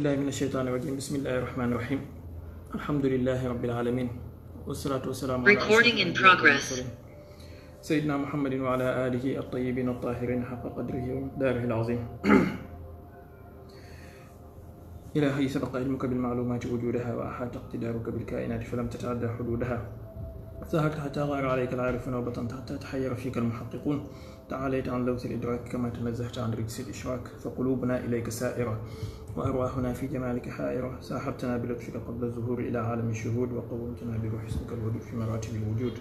بالله من الشيطان الرجيم بسم الله الرحمن الرحيم الحمد لله رب العالمين والصلاة والسلام على سيدنا محمد وعلى آله الطيبين الطاهرين حق قدره وداره العظيم إلهي سبق علمك بالمعلومات وجودها وأحاط اقتدارك بالكائنات فلم تتعدى حدودها سهرت حتى غار عليك العارفون وبطنت حتى تحير فيك المحققون تعاليت عن لوث الإدراك كما تنزهت عن رجس الإشراك فقلوبنا إليك سائرة وأرواحنا في جمالك حائرة ساحرتنا بلطفك قبل الظهور إلى عالم الشهود وقومتنا بروح اسمك الودود في مراتب الوجود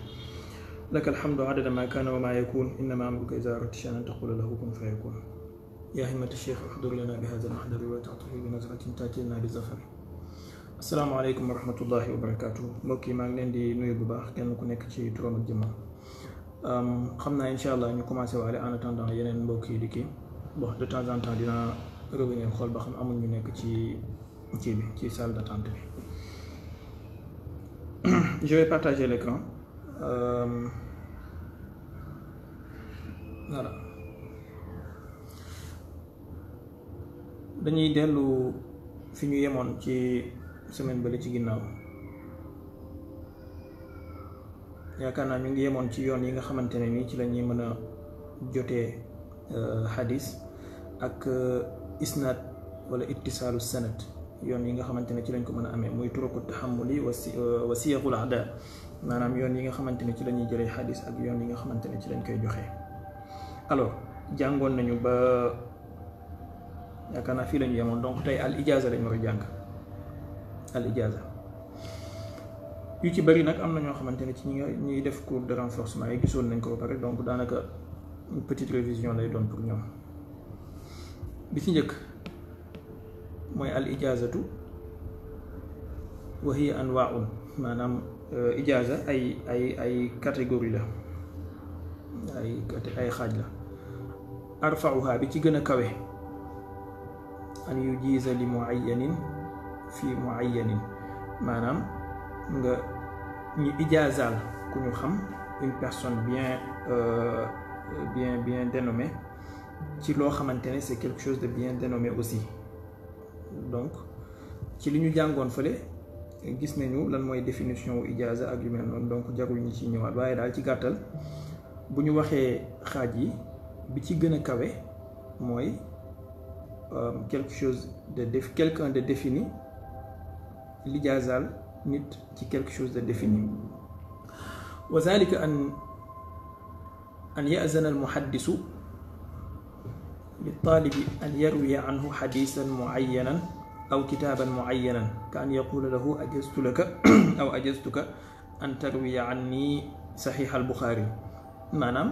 لك الحمد عدد ما كان وما يكون إنما أمرك إذا أردت شأن أن تقول له كن فيكون يا همة الشيخ احضر لنا بهذا المحضر وتعطيه بنظرة تأتي لنا بالزفر السلام عليكم ورحمة الله وبركاته موكي yi maa ngi leen di nuyu bu baax kenn ku nekk ci turam ak jëmmam xam naa incha allah ñu commencé waale en bon de temps en temps revenir xool ba xam amul ñu nekk ci kii bi ci salle d'attente bi je vais partager euh, dañuy dellu fi ñu yemoon ci semaine ba bële ci ginnaaw yaakaar naa ñu ngi yemoon ci yoon yi nga xamante ne nii ci la ñuy mën a jotee xadis euh, ak euh, Isnat, wala ittisalu sanad yon yi nga xamantene ci lañ ko mëna amé moy turuqut tahammuli taxamuli wa siyaqul ada manam yon yi nga xamantene ci lañuy jëlé hadith ak yon yi nga xamantene ci lañ koy joxé alors jangon nañu ba ya kana fii la ñu donc tay al ijaza lañ wara jang al ijaza yu ci bari nak amna na ñoo ci ñi def cours de renforcement yi gisoon nañ ko ba pare donc danaka une petite révision lay doon pour ñom بيتي نيك موي الاجازه وهي انواع مانام اجازه اي اي اي كاتيجوري لا اي اي حاجه لا ارفعها بيتي غنا كاوي ان يجيز لمعين في معين مانام nga ñu ijazal ku ñu xam une personne bien euh, bien bien ci c'est quelque chose de bien dénommé aussi donc ci li ñu jàngoon gis nañu lan définition wu ak donc jarul ñu ci ñëwaat waaye daal ci gàttal bu ñu waxee bi ci euh, quelque chose de quelqu'un de défini l'ijaazaal nit ci quelque chose de défini wa an an al للطالب أن يروي عنه حديثا معينا أو كتابا معينا كأن يقول له أجزت لك أو أجزتك أن تروي عني صحيح البخاري maanaam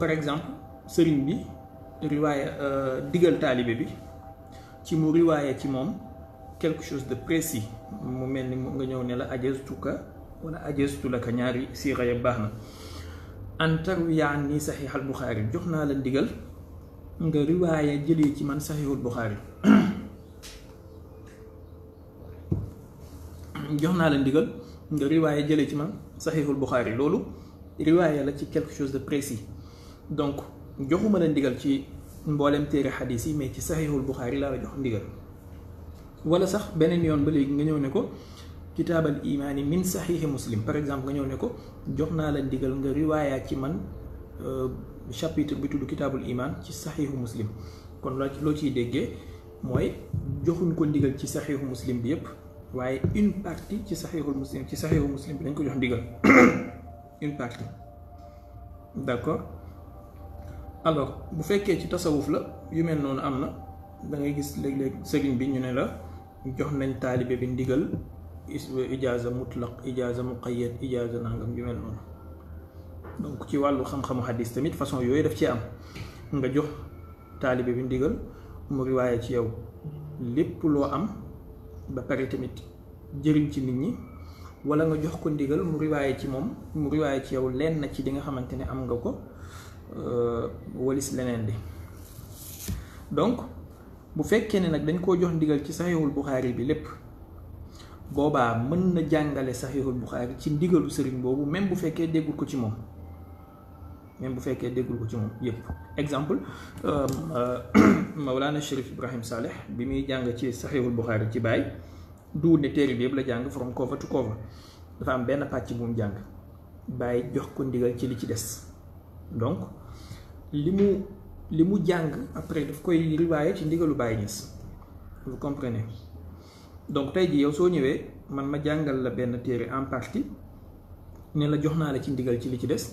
par exemple sëriñ bi riwaaya digal taalibe bi ci mu riwaaya ci moom quelque chose de précis mu mel ni nga ñëw ne la ajastuka wala ajastu laka ñaari siixa ya baax na an tarwiya an nii saxiix al buxaari jox naa la ndigal nga riwaaya jëlee ci man saxiixul buxaari jox naa la ndigal nga riwaaya jëlee ci man saxiixul buxaari loolu riwaaya la ci quelque chose de précis donc joxuma la ndigal ci mboolem téere xadis yi mais ci saxiixul buxaari laa la jox ndigal wala sax beneen yoon ba léegi nga ñëw ne ko kitaabal imaani min saxiixi muslim par exemple nga ñëw ne ko jox naa la ndigal nga riwaayaa ci man euh, chapitre bi tudd kitaabul imaan ci saxiixu muslim kon ci loo ciy déggee mooy joxuñ ko ndigal ci saxiixu muslim bi yépp waaye une partie ci saxiixul muslim ci saxiixu muslim bi dañ ko jox ndigal une partie d'accord alors bu fekkee ci tasawuf la yu mel noonu am na da gis léeg-léeg sëriñ bi ñu ne la jox nañ taalibe bi ndigal ijaaza mutlaq ijaaza muqayyad ijaaza nangam ju mel noonu donc ci wàllu xam-xamu xadis tamit façon yooyu daf ci am nga jox taalibe bi ndigal mu riwaaye ci yow lépp loo am ba pare tamit jëriñ ci nit ñi wala nga jox ko ndigal mu riwaaye ci moom mu riwaaye ci yow lenn ci li nga xamante ne am nga ko euh, walis leneen di donc bu fekkee ne nag dañ koo jox ndigal ci saxiixul Buxaari bi lépp Boba mën na jàngale saxiixul buxaari ci ndigalu sëriñ boobu même bu fekkee déggul ko même bu ko ci exemple euh, Ibrahim Saleh Bimi muy jàng ci saxiixul buxaari ci du ne de la from cover to cover am benn pàcc bu mu jàng jox ko ndigal ci li ci donc li mu li après daf koy vous comprenez donc tey jii yow soo ñëwee man ma jàngal la benn téere en partie ne la jox naa la ci ndigal ci li ci des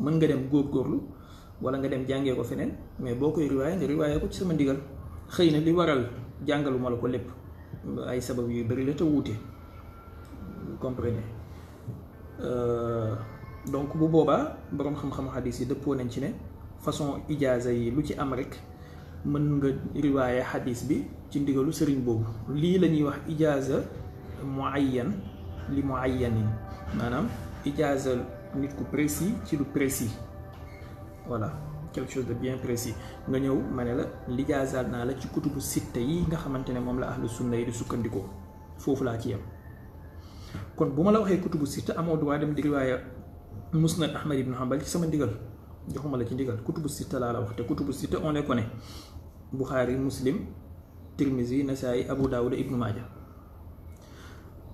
mën nga dem góorgóorlu wala nga dem jàngee ko feneen mais boo koy riwaayee nga riwaayee ko ci sama ndigal xëy na li waral jàngaluma la ko lépp ay sabab yu bëri la te wuute comprenez euh, donc bu boobaa boroom xam-xamu xadis yi dëppoo nañ ci ne façon ijaaza yi lu ci am rek. mën nga riwaaye xadis bi ci ndigalu sëriñ boobu lii la ñuy wax ijaaza muayyan li muayyanin maanaam ijaaza nit ku précis ci lu précis voilà quelque chose de bien précis nga ñëw ma ne la lijaazaal naa la ci kutubu sitta yi nga xamante ne moom la ahlu sunna yi di sukkandikoo foofu laa ci yem kon bu ma la waxee kutubu sitta du droit dem di riwaaya musnad ahmad ibn hanbal ci sama ndigal joxuma la ci ndigal kutubu sita la la wax te kutubu sita on les connaît Bukhari Muslim Tirmizi nasai Abu daud ibn majah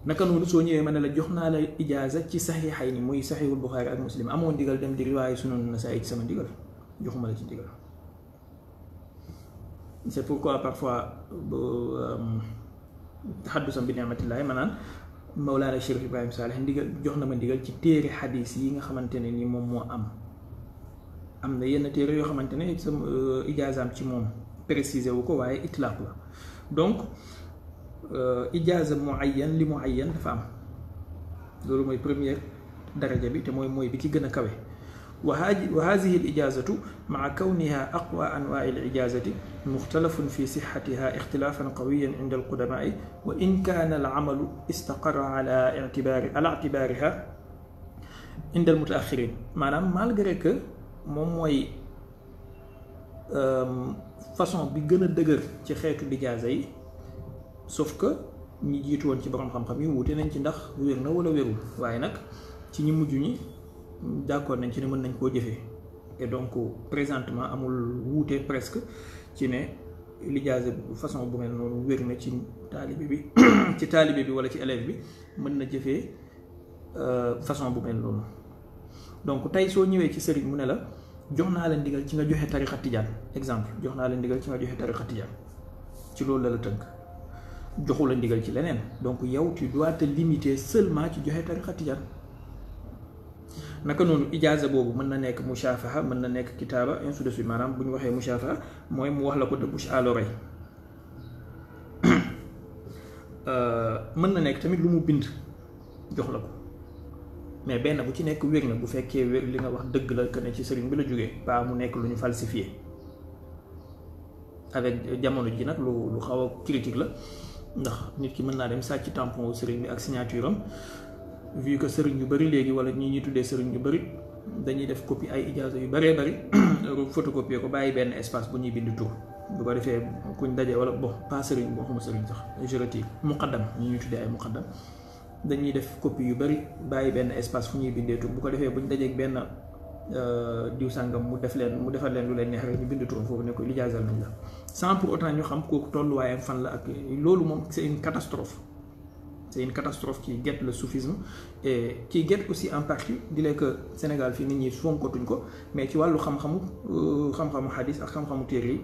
naka noonu soo ñëwee ma la jox la ijaaza ci saxiixay moy muy Bukhari ak Muslim amoo ndigal dem di riwaya sunan nasai ci sama ndigal joxuma la ci ndigal c'est pourquoi parfois bo tahaddus bi ni'matillah manan مولانا الشيخ ابراهيم صالح Saalih جوخنا ما na سي تيري حديث ييغا خامتاني ني موم مو ام amna yenn téere yoo xamante ne sam ijaazaam ci moom préciser wu ko waaye itlaaq la donc ijaaza muayyan li muayyan dafa am loolu mooy première daraja bi te mooy mooy bi ci gën a kawe wa hadhihi al ijazatu maa kawniha aqwa anwaai al ijazati mukhtalafun fi sihhatiha ikhtilafan qawiyan inda al qudama'i wa in kana al amalu istaqarra ala i'tibari ala i'tibariha inda al mutaaxirin maanaam malgré que moom mooy euh, façon bi gën a dëgër ci xeetu lijaasa yi sauf que ñi jiitu woon ci borom xam-xam yi wuute nañ ci ndax wér na wala wérul waaye nag ci ñi mujj ñi d'accord nañ ci ne mën nañ koo jëfee et donc présentement amul wuute presque ci ne lijaasa façon bu mel noonu wér na ci taalibe bi ci taalibe bi wala ci élève bi mën na jëfee euh, façon bu mel noonu. donc tey soo ñëwee ci sëriñ mu ne la jox naa la ndigal ci nga joxe tarixa tijaan exemple jox naa la ndigal ci nga joxe tarixa tijaan ci loolu la la tënk joxu la ndigal ci leneen donc yow tu dois te limiter seulement ci joxe tarixa tijaan naka noonu ijaaza boobu mën na nekk mushaafaha mën na nekk kitaaba ainsi de suite maanaam bu ñu waxee mushaafaha mooy mu wax la ko de bouche à l'oreille euh, mën na nekk tamit lu mu bind jox la ko mais benn bu ci nekk wér na bu fekkee wér li nga wax dëgg la que ne ci sëriñ bi la jógee pas mu nekk lu ñu falsifié avec jamono ji nag lu lu xaw a critique la ndax nit ki mën naa dem sàcc tampon wu sëriñ bi ak signature am vu que sëriñ yu bari léegi wala ñii ñuy tuddee sëriñ yu bari dañuy def copie ay ijaaza yu bëree bëri photocopier ko bàyyi benn espace bu ñuy bind tur bu ko defee kuñ dajee wala bon pas sëriñ boo xamul sax je retire muqaddam ñi ay muqaddam dañuy def copie yu bari bàyyi benn espace fu ñuy bindee tur bu ko defee bu ñu dajeeg benn euh, diw sàngam mu def leen mu defal leen lu leen neex yu ñu bind turam foofu ne ko lijaasal nañ la sans pour autant ñu xam kooku tolluwaayam fan la ak loolu moom c'est une catastrophe c'est une catastrophe qui guette le soufisme et get aussi en partie di leen que Sénégal fii nit ñi fonkatuñ ko mais ci wàllu xam-xamu euh, xam-xamu xadis ak xam-xamu téere yi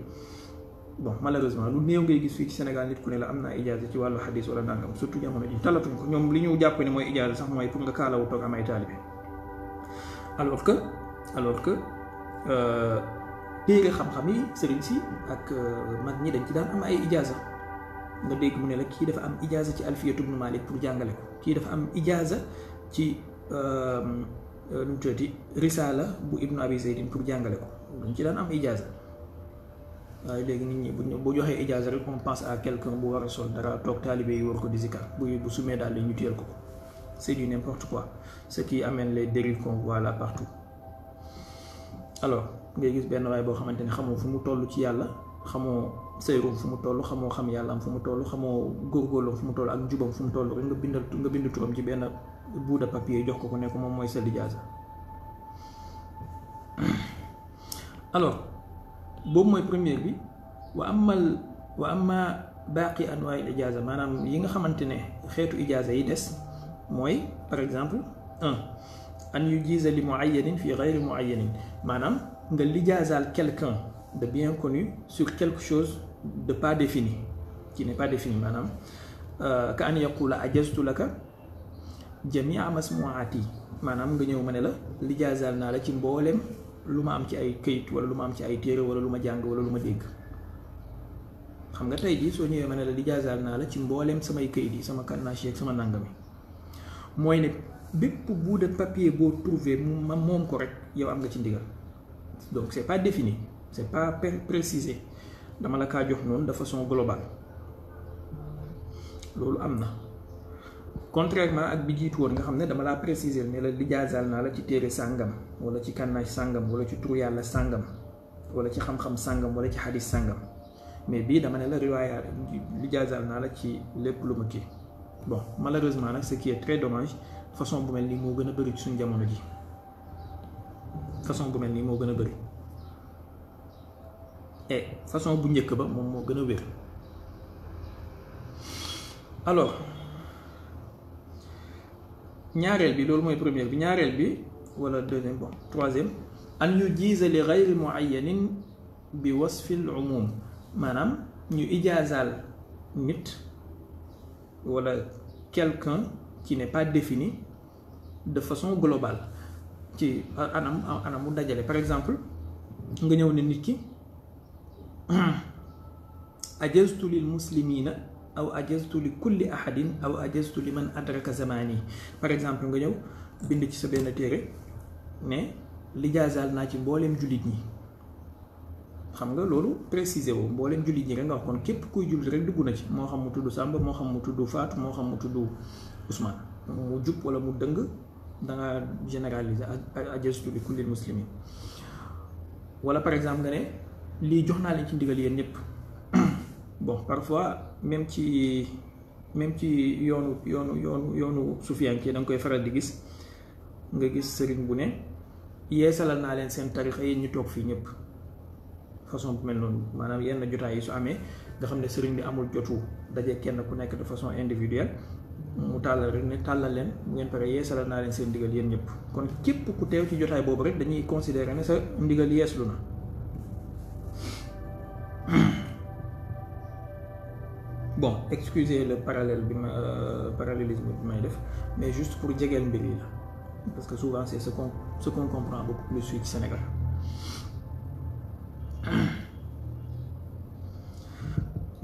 bon malheureusement lu néew ngay gis fii ci Sénégal nit ku ne la am naa ijaasa ci wàllu xadis wala nangam surtout jamono ji talatuñ ko ñoom li ñu jàpp ne mooy ijaasa sax mooy pour nga kaalawu toog am ay taalibe alors que alors que euh, téere xam-xam yi sëriñ si ak euh, mag ñi dañ ci daan am ay ijaasa nga dégg mu ne la kii dafa am ijaasa ci alfiyatu ibnu malik pour jàngale ko kii dafa am ijaasa ci euh, nu mu tuddati risaala bu ibnu abi zeydin pour jàngale ko dañ ci daan am ijaasa waaye léegi nit ñi bu ñu bu joxee ijaaza rek on pense à quelqu'un bu war a sol dara toog taalibe yi war ko di zikar bu bu sumee daal ñu téyel ko ko c'est du n'importe quoi ce qui amène les dérives qu'on voit là partout alors ngay gis benn waay boo xamante ne xamoo fu mu toll ci yàlla xamoo sëyrum fu mu toll xamoo xam yàlla am fu mu toll xamoo góorgóorlam fu mu toll ak njubam fu mu toll rek nga bindal nga bind turam ci benn bout de papier jox ko ko ne ko moom mooy sa ijaaza alors بوم mooy بريمير بي واما ال... واما باقي انواع الاجازه مانام ييغا خامتيني خيتو اجازه يي ديس موي بار اكزامبل 1 ان يجيز لمعين في غير معين مانام nga lijazal quelqu'un de bien connu sur quelque chose de pas défini qui n'est pas défini maanaam ka an yaqula ajaztu laka jamia masmu'ati manam nga ñëw ma ne la lijaasal naa la ci mbolem lu ma am ci ay këyit wala lu ma am ci ay téere wala lu ma jàng wala lu ma dégg xam nga tey jii soo ñëwee ma ne la lijaasaal naa la ci mbooleem samay këyit yi sama carnage yeeg sama nangam mooy ne bépp buuda de papier boo trouvé mu moom ko rek yow am nga ci ndigal donc c'est pas défini c'est pas précisé dama la kaa jox noonu de façon globale loolu am na. contrairement ak bi jiitu woon nga xam ne dama laa préciser ne la lijaasal naa la ci téere sàngam wala ci kànnaaj sàngam wala ci turu yàlla sàngam wala ci xam-xam sàngam wala ci xadis sàngam mais bii dama ne la riwaaya lijaasal naa la ci lépp lu ma kii bon malheureusement nag ce qui est très dommage façon bu mel nii moo gën a bëri ci suñu jamono ji façon bu mel nii moo gën a bëri et façon bu njëkk ba moom moo gën a wér alors ñaareel bi loolu mooy première bi ñaareel bi wala deuxième bon troisième an yu jiisa li gayri muayanin bi wasfil umum maanaam ñu ijaazaal nit wala quelqu'un qui n'est pas défini de façon globale ci anam anam mu dajale par exemple nga ñëw ne nit ki ajaztu lil muslimina aw ajaztu li kulli ahadin aw ajaztu li man adraka zamani par exemple nga ñëw bind ci sa benn téere ne lijaasaal naa ci mbooleem jullit ñi xam nga loolu préciser woo mbooleem jullit ñi rek nga wax kon képp kuy jullit rek dugg na ci moo xam mu tudd Samba moo xam mu tudd faat moo xam mu tudd Ousmane mu jub wala mu dëng danga généraliser ajaztu li kulli muslimin wala par exemple nga ne lii jox naa leen ci ndigal yéen ñëpp bon parfois même ci même ci yoonu yoonu yoonu yoonu sufiyanke da nga koy faral di gis nga gis sëriñ bu ne yeesalal naa leen seen tarixa yéen ñu toog fii ñëpp façon bu mel noonu maanaam yenn jotaay yi su amee nga xam ne sëriñ bi amul jotu daje kenn ku nekk de façon individuelle mu tàllal rek ne tàllal leen bu ngeen pare yeesalal naa leen seen ndigal yéen ñëpp kon képp ku teew ci jotaay boobu rek dañuy considérer ne sa ndigal yeeslu na bon excusez le parallèle euh, parallélisme du may def mais juste pour jegeel mbir yi parce que souvent c'est ce qu'on ce qu'on comprend beaucoup plus fii ci Sénégal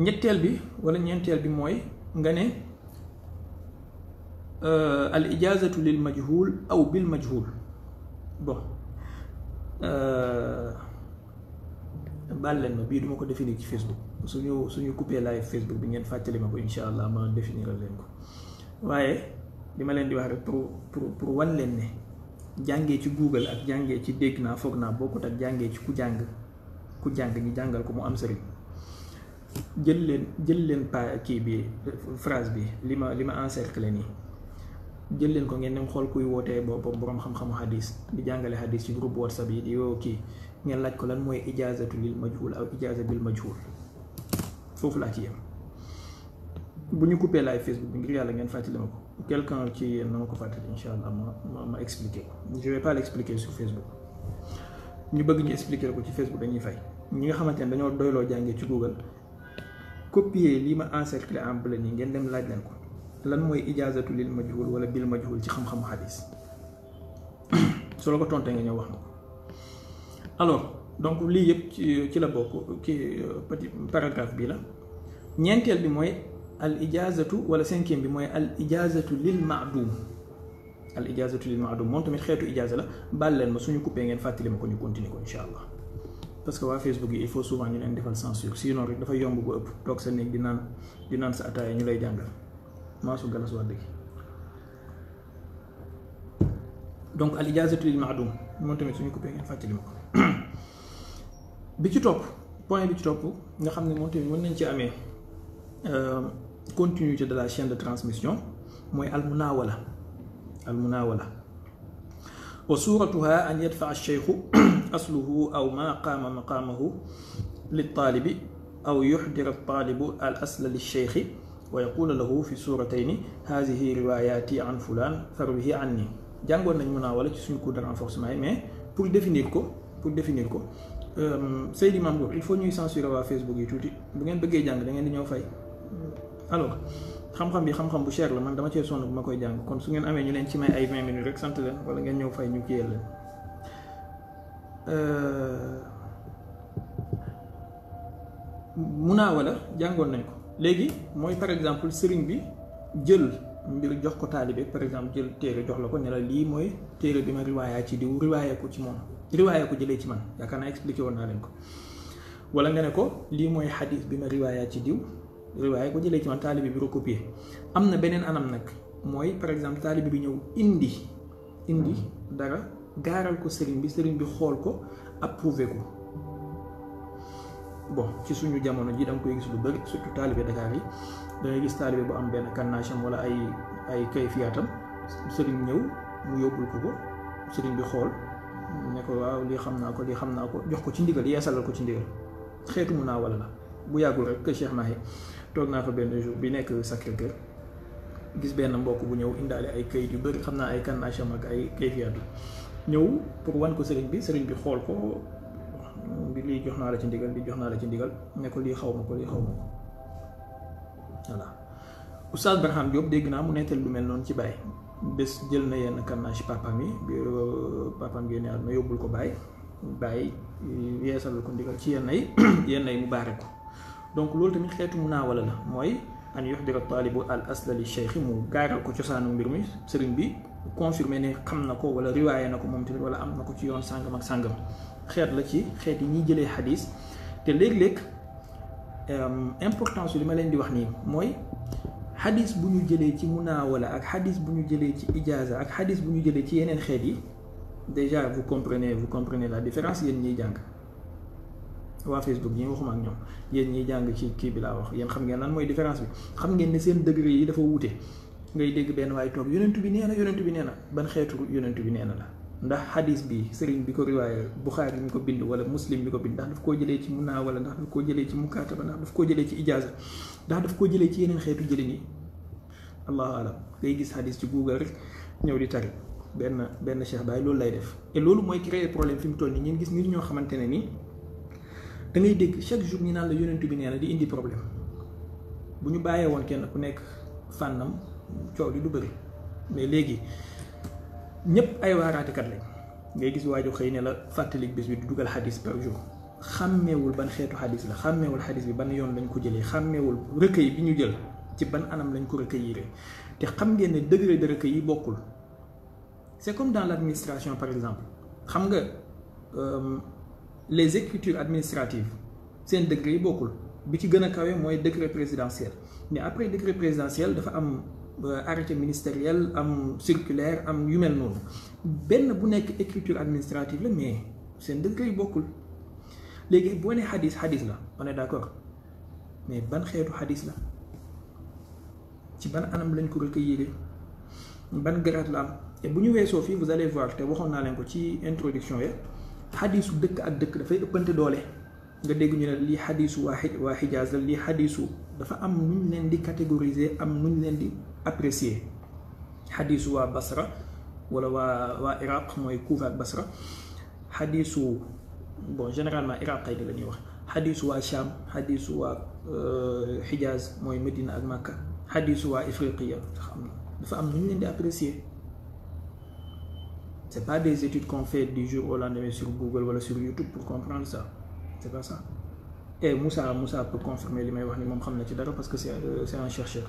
ñetteel bi wala ñeenteel bi moy nga euh al ijazatu lil majhul aw bil majhul bon euh leen ma duma ko définir ci Facebook suñu suñu coupé live Facebook bi ngeen fàttali ma ko incha allah ma définir leen ko waaye li ma leen di wax rek pour pour wan leen ne jàngee ci Google ak jàngee ci dégg naa foog naa bokkut ak jàngee ci ku jàng ku jàng ñu jàngal ko mu am sëriñ jël leen jël leen pa kii bi phrase bi li ma li ma encercler nii jël leen ko ngeen dem xool kuy wootee boppam borom xam-xamu hadis di jàngale hadis ci groupe whatsapp yi di yoo kii ngeen laaj ko lan mooy ijaazatu lil majhul aw ijaaza bil majhul foofu la ci yem bu ñu live Facebook bi ngir yàlla ngeen fàttali ma ko quelqu'un ci yéen na ma ko fàttali incha allah ma ma ma expliqué je vais pas l'expliquer sur Facebook ñu bëgg ñu expliquer ko ci Facebook dañuy fay ñi nga xamante ne dañoo doyloo jàngee ci Google copier lii ma encercler en bleu nii ngeen dem laaj leen ko lan mooy ijaazatu lil majhul wala bil majhul ci xam xam xadis solo ko tontee nga ñëw wax na ko alors donc li yep ci ci la bokk ki euh, petit paragraphe bi la ñeenteel bi moy al ijazatu wala 5e bi moy al ijazatu lil maadum al ijazatu lil maadum mon tamit xeetu ijaza la baal leen ma suñu coupé ngeen fàttali ma ko ñu continuer ko inshallah parce que wa Facebook il faut souvent ñu len defal censure sinon rek dafa yomb bu ëpp toog sa néeg di nan di nan sa ataaya ñu lay ma su galas wax dëgg donc al ijazatu lil maadum mon tamit suñu coupé ngeen fàttali ma ko bi ci topp point bi ci topp nga xam ne moom tamit mën nañ ci amee continuité de la chaîne de transmission mooy almunawala almunawala wa suratuha an yadfaa alcheikhu asluhu aw ma qaama maqaamahu liltaalibi aw yuxdira altaalibu al asla lilcheikhi wa yaqula lahu fi suratayni hadihi riwayati an fulan farwihi anni jàngoon nañ munawala ci suñu cours de renforcement yi mais pour définir ko pour définir ko Euh, Seydi Mame Diop il faut ñuy censurer waa Facebook yi tuuti bu ngeen bëggee jàng da ngeen di ñëw fay alors xam-xam bi xam-xam bu cher la man dama cee sonn bu ma koy jàng kon su ngeen amee ñu leen ci may ay vingt minutes rek sant leen wala ngeen ñëw fay ñu kiyal leen euh, munaa wala jàngoon nañ ko léegi mooy par exemple sëriñ bi jël mbir jox ko taalibe par exemple jël téere jox la ko ne lii mooy téere bi ma riwaayaa ci diw riwaayee ko ci moom riwaayee ko jëlee ci man yaakaar naa expliqué woon ko wala nga ne ko lii mooy xadis bi ma riwaayaa ci diw riwaayee ko jëlee ci man taalibe bi recopier am na beneen anam nag mooy par exemple taalibe bi ñëw indi indi dara gaaral ko sëriñ bi sëriñ bi xool ko approuvé ko bon ci suñu jamono ji da nga koy gis lu bëri surtout taalibe Dakar yi da ngay gis taalibe bu am benn kannacham wala ay ay kayfiyaatam sëriñ ñëw mu yóbbul ko ko sëriñ bi xool ne ko waaw lii xam naa ko lii xam naa ko jox ko ci ndigal ko ci xeetu mu naa wala bu yàggul rek Cheikh Mahi toog naa fa benn jour bi nekk Sacré-Cœur benn mbokk bu ñëw indaale ay kayit yu bëri xam naa ay kannacham ak ay kayfiyaatu ñëw pour wan ko sëriñ bi sëriñ bi xool ko bi lii jox naa la ci ndigal lii jox naa la ci ndigal ne ko lii xaw ma ko lii xaw ma ko voilà Oustaz Barham Diop dégg na mu netal lu mel non ci bay bés jël na yenn kannaa ci papaam yi bi mi génne àdduna yobul ko bay bay yeesalal ko ndigal ci yenn ay yenn ay mubarak donc loolu tamit xetu mu naawala la moy an yuxdira taalibu al asl li cheikh mu gaaral ko ci sanu mbir mi serign bi confirmer ne xam na ko wala riwaya nako mom tamit wala am nako ci yoon sàngam ak sàngam xet la ci xet yi ñi jele hadith te leg leg Euh, importance li ma leen di wax nii mooy xadis bu ñu jëlee ci munaawala ak xadis bu ñu jëlee ci ijaaza ak xadis bu ñu jëlee ci yeneen xeet yi déjà vous comprenez vous comprenez la différence yéen ñiy jàng waa Facebook ñi waxuma ak ñoom yéen ñiy jàng ci kii bi laa wax yéen xam ngeen lan mooy différence bi xam ngeen ne seen degré yi dafa wuute ngay dégg benn waay toog yonent bi nee na yonent bi nee na ban xeetu yonent bi nee na la. ndax xadis bi sëriñ bi ko riwaayé buxaari mi ko bind wala muslim bi ko bind ndax daf koo jëlee ci munaa wala ndax daf koo jëlee ci mukaataba ndax daf koo jëlee ci ijaaza ndax daf koo jëlee ci yeneen xeetu jëlin yi allahu alam ngay gis xadis ci google rek ñëw di tari benn benn cheikh baay loolu lay def te loolu mooy créer problème fi mu toll nii ngeen gis nit ñoo xamante ne ni da ngay dégg chaque jour ñu naan la yonentu bi nee na di indi problème bu ñu bàyyee woon kenn ku nekk fànnam coow li du bëri léegi ñëpp ay kat lañ ngay gis waaju xëy ne la fatalik bis bi duggal hadith par jour xamewul ban xetu hadith la xamewul hadith bi ban yoon lañ ko jëlé xamewul rekay bi ñu jël ci ban anam lañ ko recueillir te xam ngeen ne degré de rekay yi bokul c'est comme dans l'administration par exemple xam nga les écritures administratives seen degré yi bokkul bi ci gëna kawe moy décret présidentiel mais après décret présidentiel dafa am Euh, arrêté ministériel am circulaire am yu mel noonu benn bu nekk écriture administrative la mais seen degré yi bokkul léegi boo ne xadis xadis la on est d'accord mais ban xeetu xadis la ci ban anam lañ ko recueillir ban grade la am te bu ñu weesoo fii vous allez voir te waxoon naa leen ko ci introduction ya xadisu dëkk ak dëkk dafay ëppante doole nga dégg ñu ne lii xadisu waa waa Xijaaz la lii xadisu dafa am nuñ leen di catégoriser am nuñ leen di apprécier hadith wa Basra wala wa waa Iraq moy Kuufa ak Basra hadith bon généralement iraq kay la ñuy wax xadiisu waa Cham xadiisu waa euh, hijaz moy Medina ak Makka hadith wa Ifriqiya sax dafa am ñu leen di apprécier c'est pas des études qu'on fait du jour au lendemain sur Google wala sur YouTube pour comprendre ça c'est pas ça et Moussa Moussa peut confirmer li may wax ni ci dara parce que c'est euh, un chercheur.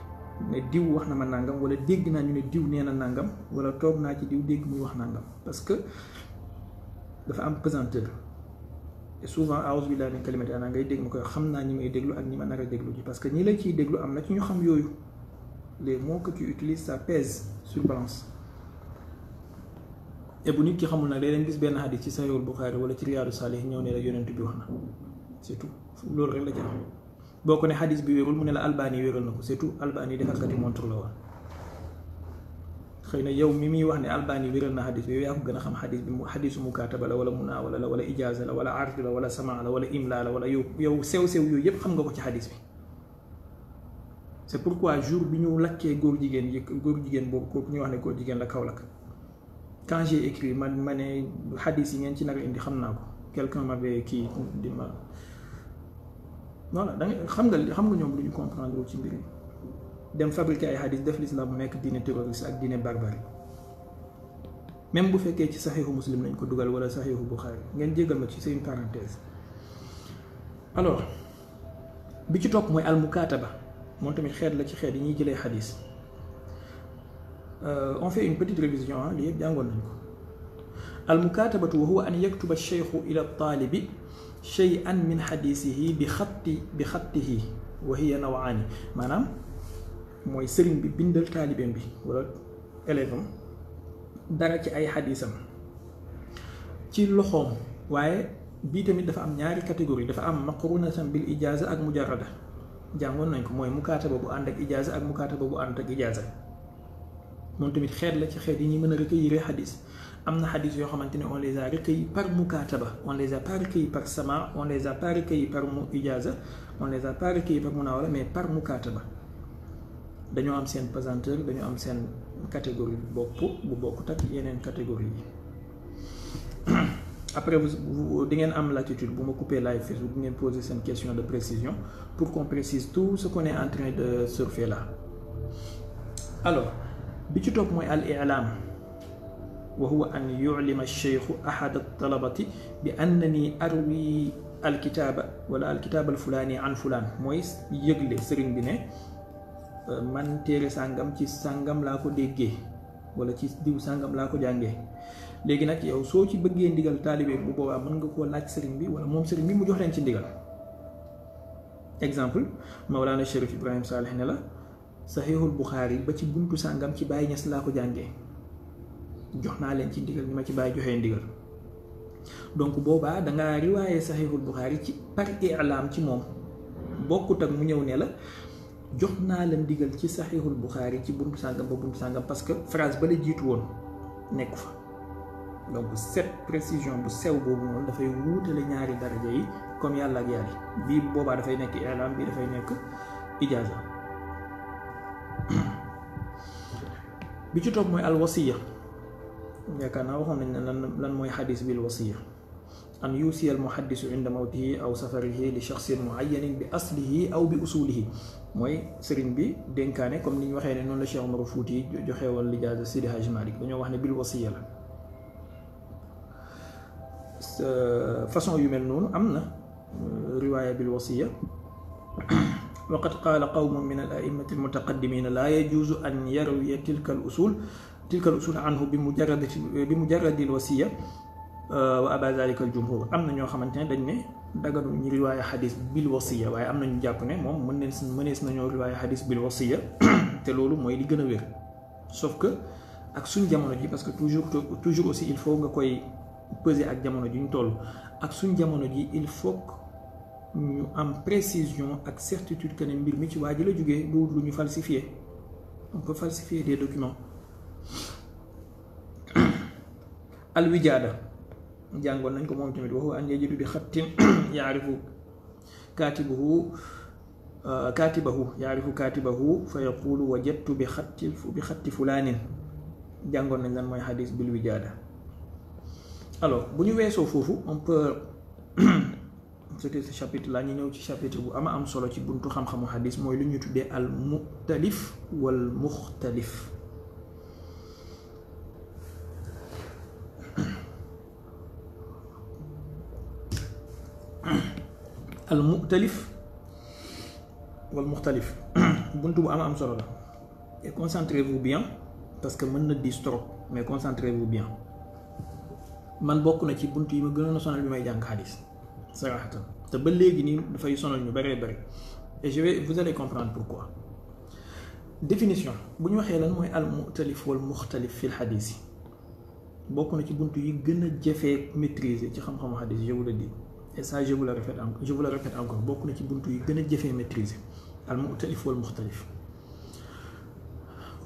ne diw wax na ma nangam wala dégg naa ñu ne diw nee na nangam wala toog naa ci diw dégg muy wax nangam parce que dafa am pesanteur et souvent a'uzu billahi min kalimati ana ngay dégg ma koy xam naa ñi may déglu ak ñi ma nar déglu ji parce que ñi la ciy déglu am na ci ñu xam yooyu les mots que tu utilises ça pèse sur balance et bu nit ki xamul nag day leen gis benn hadith ci sa Sahihul Bukhari wala ci Riyadou Salih ñëw ne la yonent bi wax na surtout tout loolu rek la ci boko ne hadith bi wérul munela albani werul nako c'est tout albani defarkati montre la woon xeyna yow mimi wax ne albani werul na hadith bi yow ya ko gëna xam hadith bi mu xadisu mukaataba la wala munaawala la wala ijaaza la wala arf la wala sama la wala imla la wala yow yow sew-sew yooyu yep xam nga ko ci hadith bi c'est pourquoi jour bi ñu lakké gor jigen gor jigen bo ko ñu wax ne góor jigen la kaw lakk quand j'ai écrit man ma ne yi ngeen ci nak indi xam naa ko quelqu'un m'avait qui dit ma voilà da nga xam nga xam nga ñoom lu ñu comprendre wul ci mbir mi dem fabriquer ay hadith def l'islam mu nekk diine terroriste ak diine barbarie même bu fekkee ci saxiixu muslim lañ ko dugal wala saxiixu buxaari ngeen jégal ma ci c'est une parenthèse alors bi ci topp mooy almukaataba moom tamit xeet la ci xeet yi ñuy jëlee euh, on fait une petite révision hein, li yëpp jàngoon nañ ko almukatabatu wa huwa an yaktuba alcheikhu ila taalibi شيئا من حديثه بخط بخطه وهي نوعان maanaam mooy sëriñ bi bindal taalibeem bi wala élève am dara ci ay xadisam ci loxoom waaye bii tamit dafa am ñaari catégorie dafa am maqrunatan bil ijaza ak mujarrada jàngoon nañ ko mooy mukaataba bu ànd ak ijaza ak mukaataba bu ànd ak ijaza moom tamit xeet la ci xeet yi ñuy mën a recueillir xadis amna hadith yo on les a recueillis par mukataba on les a pas recueillis par sama on les a pas recueillis par mou ijaza on les a pas recueillis par munawala mais par mukataba dañu am sen pesanteur dañu am sen catégorie bu bu bokkut une catégorie après vous di ngeen am latitude buma couper live Facebook ngeen poser une question de précision pour qu'on précise tout ce qu'on est en train de surfer là alors bi ci topp al ilam وهو أن يعلم الشيخ أحد الطلبة بأنني أروي الكتاب ولا الكتاب الفلاني عن فلان مويس يجلي سرين بني man téere sàngam ci sàngam laa ko déggee wala ci diw sàngam laa ko jàngee léegi nag yow soo ci bëggee ndigal taalibe bu boobaa mën nga koo laaj sëriñ bi wala moom sëriñ bi mu jox leen ci ndigal exemple Mawlana Cherif Ibrahim Saleh ne la saxiixul Buxaari ba ci buntu sàngam ci Baay Ñas laa ko jàngee jox naa leen ci ndigal ni ma ci bàyyi joxee ndigal donc boobaa da nga riwaaye saxiixul buxaari ci par ilam ci moom bokkut ak mu ñëw ne la jox naa la ndigal ci saxiixul buxaari ci buntu sàngam ba buntu sàngam parce que phrase ba la jiitu woon nekku fa donc cette précision bu sew boobu noonu dafay wuutale ñaari daraja yi comme yàlla ak yàlla bii boobaa dafay nekk bi bii dafay nekk ijaza bi ci topp mooy al كان أوهم إن لن يحدث بالوصية أن يوصي المحدث عند موته أو سفره لشخص معين بأصله أو بأصوله موي سيرين بي دين كاني كوم ني واخي نون لا شيخ عمر فوتي جوخي وال لجاز سيدي حاج مالك دانيو واخني بيل وصيه لا فاصون يو مل نون امنا روايه بيل وصيه وقد قال قوم من الائمه المتقدمين لا يجوز ان يروي تلك الاصول تلك الأصول عنه بمجرد بمجرد الوصية وأبى ذلك الجمهور am na ñoo xamante ne dañ ne daganu ñu riwaaya xadis bil wasiya waaye am nañu jàpp ne moom mënees mënees nañoo riwaaya xadis bil wasiya te loolu mooy li gën a wér sauf que ak suñ jamono ji parce que toujours toujours aussi il faut nga koy peser ak jamono ji ñu toll ak suñ jamono ji il faut ñu am précision ak certitude que ne mbir mi ci waa ji la jógee du lu ñu falsifier on peut falsifier des documents alwijaada jàngoon nañ ko moom tamit waxu an yajidu bi xattin yaarifu kaatibuhu uh, kaatibahu yaarifu kaatibahu fa yaqulu wajadtu bi xatti bi xatti fulaanin jàngoon nañ lan mooy xadis bil wijaada alors bu ñu weesoo foofu on peut c'était ce chapitre là ñu ñëw ci chapitre bu ama am solo ci buntu xam-xamu xadis mooy lu ñu tuddee al muxtalif wal muxtalif المؤتلف والمختلف بنتو أما أم سرولا concentrez vous bien parce que من ديستروك mais concentrez vous bien man بوكو نتي بنتو يما جنون سونال بما يجان كاليس صراحة تبلي جنين دفعي سونال نيو بري بري et je vais vous allez comprendre pourquoi définition بنيو خيلان موي المؤتلف والمختلف في الحديث بوكو نتي بنتو يجن جفة maîtriser تخم خم حديث je vous le dis et ça je vous le répète encore je vous le répète encore bokk na ci buntu yi gëna jëfé maîtriser al mu'talif wal mukhtalif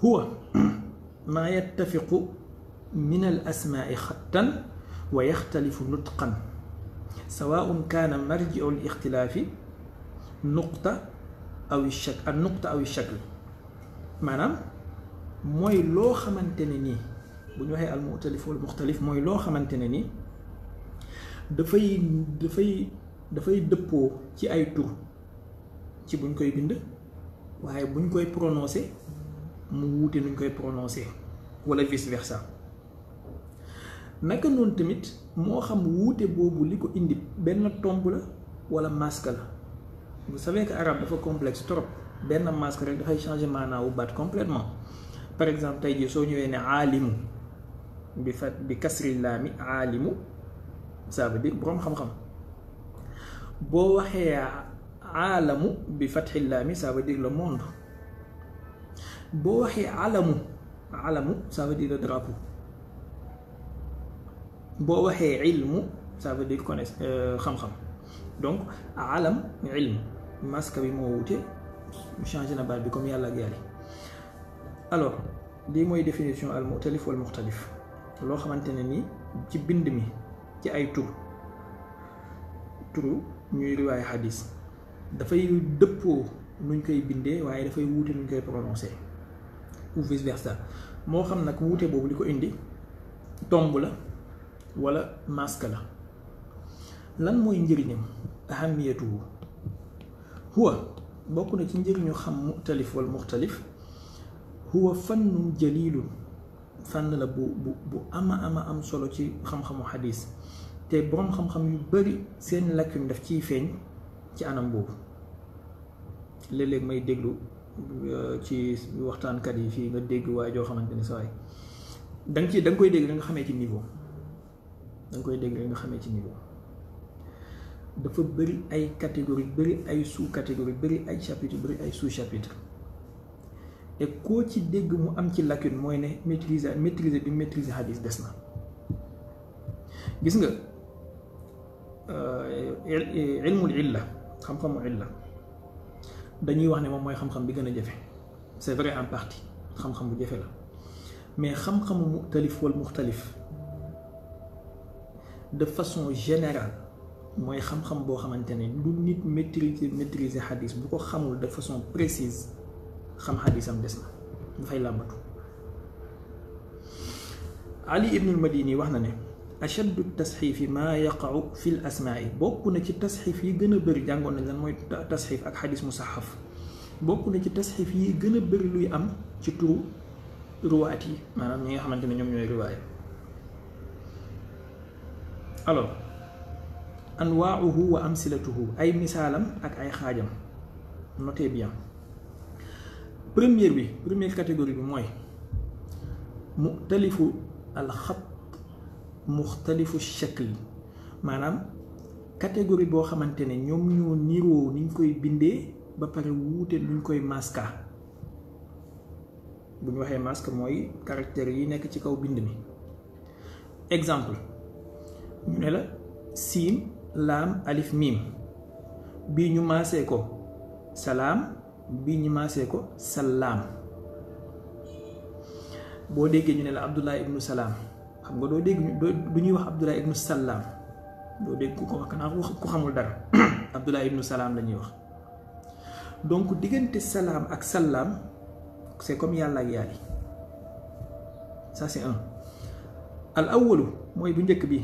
huwa ma yattafiqu min al asmaai khattan wa yakhtalifu nutqan سواء كان مرجع الاختلاف نقطة أو الشكل النقطة أو الشكل معنام موي لو خمانتني ني بو نيوخي المؤتلف والمختلف موي لو خمانتني ني dafay dafay dafay dëppoo ci ay tur ci buñ koy bind waaye buñ koy prononcé mu wuute nuñ koy prononcé wala vice versa naka noonu tamit moo xam wuute boobu li ko indi benn tomb la wala masque la vous savez que arabe dafa complexe trop benn masque rek dafay changer maanaawu baat complètement par exemple tey jii soo ñëwee ne aalimu bi fat bi kasri laami aalimu ça veut dire borom xam-xam boo waxee aalamu bi fatxi laami ça veut dire le monde boo waxee alamu alamu ça veut dire le drapeau boo waxee ilmu ça veut dire connaissance xam-xam donc alam ilm masque bi moo wute changé na baat bi comme yàlla ak yàlla alors lii mooy définition al mu'talif wal muxtalif loo xamante ne nii ci bind mi ci ay tur turu ñuy riwaay xadis dafay dëppoo nuñ koy bindee waaye dafay wuute nuñ koy prononcé ou vice versa moo xam nag wuute boobu li ko indi tomb la wala masque la lan mooy njëriñam ahamiyatuhu huwa bokk na ci njëriñu xam muxtalif wal muxtalif huwa fannun jalilun fànn la bu bu bu ama ama am solo ci xam-xamu xadis te borom xam-xam yu bëri seen lacune def ciy feeñ ci anam boobu léeg-léeg may déglu euh, ci waxtaankat yi fii nga dégg waaye joo xamante ni saa yi da nga koy dégg li nga xamee ci niveau koy dégg li nga xamee ci dafa bëri ay catégorie bëri ay sous catégorie bëri ay chapitre bëri ay sous chapitre et koo ci dégg mu am ci lacune mooy ne maîtriser maîtriser bi maîtriser hadis des na gis nga ilmul illa xam-xamu illa dañuy wax ne moom mooy xam-xam bi gën a jafe c'est vrai en partie xam-xam bu jafe la mais xam-xamu muxtalif wal muxtalif de façon générale mooy xam-xam boo xamante ne lu nit maîtriser maîtriser xadis bu ko xamul de façon précise xam xadisam des na dafay làmbatu ali ibnul madini wax na ne achaddu tasxiif yi maa yaqacu fi l asmaai bokk na ci tasxiif yi gën a bëri jàngoon nañ lan mooy tasxiif ak xadis musaxaf bokk na ci tasxiif yi gën a bëri luy am ci turu ruwaat yi maanaam ñi nga xamante ne ñoom ñooy riwaaya alors anwaauhu wa amsilatuhu ay misaalam ak ay xaajam notez bien première bi première catégorie bi mooy mu talifu alxat muxtalifu shakl maanaam catégorie boo xamante ne ñoom ñoo niroo niñ koy bindee ba pare wuute nuñ koy maska bu ñu waxee masque mooy caractère yi nekk ci kaw bind mi exemple ñu ne la siim laam alif miim bii ñu maasee ko salaam bii ñu maasee ko salaam boo déggee ñu ne la Abdullah ibnu salaam xam nga doo dégg du ñuy wax abdullah ibnu salaam doo dégg ku ko wax kanaa ku xamul dara abdullah ibnu salaam la ñuy wax donc diggante salaam ak salaam c'est comme yàlla ak yàlli ça c'est un al awalu mooy bu njëkk bi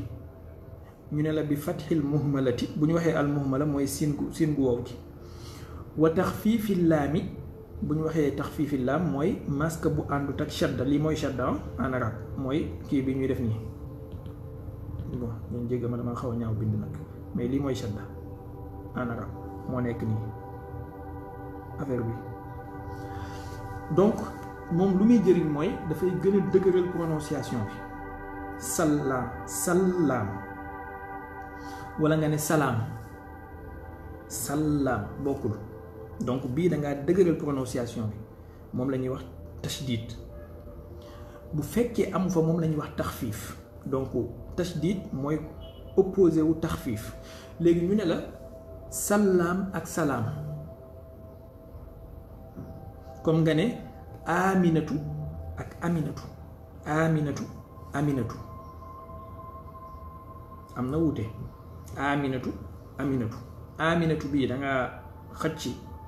ñu ne la bi fathil muhmalati bu ñu waxee al muhmala mooy siin gu siin gu wow gi wa taxfiifi laami buñ waxé waxee lam moy masque bu àndut ak shadda li moy shadda en arab moy ki bi ñuy def ni bon ñu jégg ma dama xaw ñaaw bind nak mais li moy, shadda en arab mo nek ni affaire bi donc mom lu muy jëriñ moy da fay gëna dëgeural prononciation bi salam salam wala nga ne salam donc bii da ngaa prononciation bi moom la ñuy wax tashdid bu fekkee amu fa moom la ñuy wax donc tashdid mooy opposé wu taxfiif léegi ñu ak Salam comme nga aminatu ak aminatu aminatu aminatu am aminatu aminatu aminatu bii da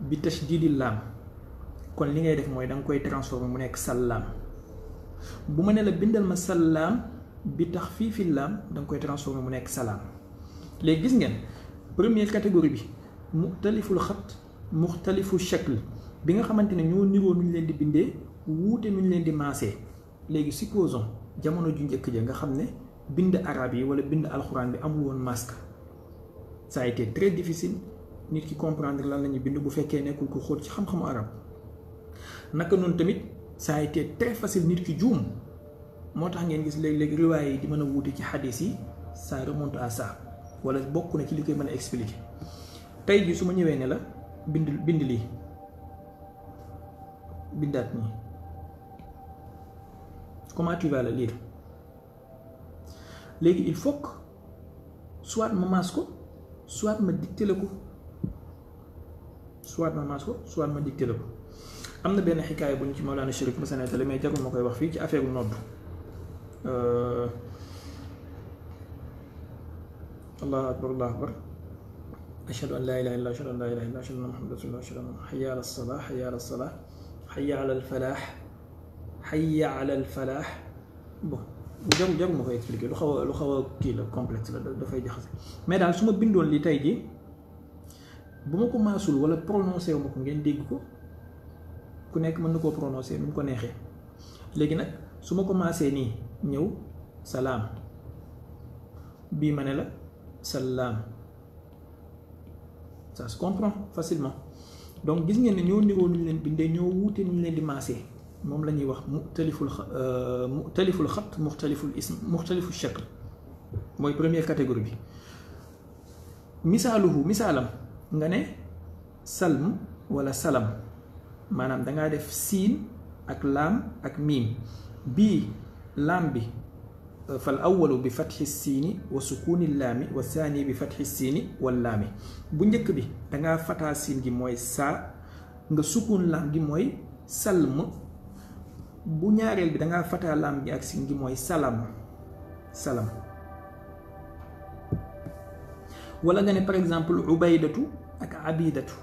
bi tashdidil laam kon li ngay def mooy danga koy transformer mu nekk salaam bu ma ne la bindal ma salaam bi taxfiifil laam da nga koy transformer mu nekk salaam léegi gis ngeen première catégorie bi muxtaliful xat muxtalifu shakl bi nga xamante ne ñoo niroo nu leen di bindee wuute nu ñu leen di maasee léegi supposons jamono ju njëkk ja nga xam ne bind arab yi wala bind alxuraan bi amul woon masque ça a été difficile. nit ki comprendre lan la ñuy bind bu fekkee nekkul ko xóot ci xam-xamu arab naka noonu tamit ça a été très facile nit ki juum moo tax ngeen gis léeg-léeg riwaay mën a wuute ci xadis yi ça remonte à ça wala bokk na ci li mën a expliquer tey jii su ma ñëwee ne la bind bind lii bindaat nii comment tu vas léegi il faut que soit ma maas ko soit ma dicté la ko. soit na nas ko soit ma dicté la ko am na benn xikaaya buñ ci maolaana chérif ma sanaytale mais jagul ma koy wax fii ci affaire nodd الله أكبر الله أكبر أشهد أن لا إله إلا الله أشهد أن لا إله إلا الله أشهد أن محمد رسول الله أشهد أن حي على الصلاة حي على الصلاة حي على الفلاح حي على الفلاح بو جام جام ما فايت فيك لو خوا لو خوا كي لو كومبلكس لا دا فاي جاخسي مي دال سوما بيندون لي تاي جي bu ma ko maasul wala prononcé wu ma ko ngeen dégg ko ku nekk mën na koo prononcé nu mu ko neexee léegi nag su ma commencé nii ñëw salaam bii ma ne la salaam ça se comprend facilement donc gis ngeen ne ñoo niroo nuñ leen bindee ñoo wuute nuñ leen di maasee moom la ñuy wax muxtaliful muxtaliful xat muxtaliful ism muxtaliful shakl mooy première catégorie bi misaaluhu misaalam nga ne salm wala salam maanaam dangaa def siin ak laam ak miim bii laam bi fal awalu bi fatxi siini wa sukuuni laami wa saani bi fatxi siini wal laami bu njëkk bi dangaa fataa siin gi mooy saa nga sukuun laam gi mooy salm bu ñaareel bi dangaa fataa laam gi ak siin gi mooy salam salam wala nga ne par exemple ubaydatu ak abidatu